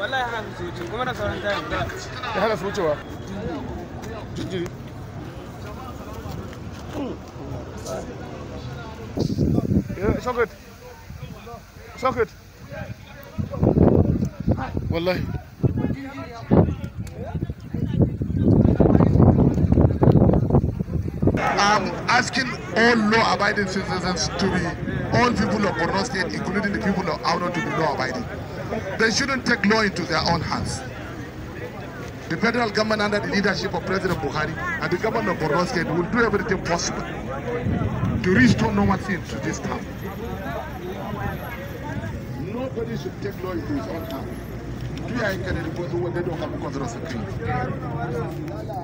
wallahi hana su wuce kuma da sauran tayin da ya hana su wucewa jijjiri شوكت شوكت والله I'm asking all law-abiding citizens to be, all people of Borno State, including the people of Auno, to be law-abiding. They shouldn't take law into their own hands. The federal government under the leadership of President Buhari and the government of Borno State will do everything possible to restore normalcy to this town. Nobody should take law into his own hands. Do you have any don't have of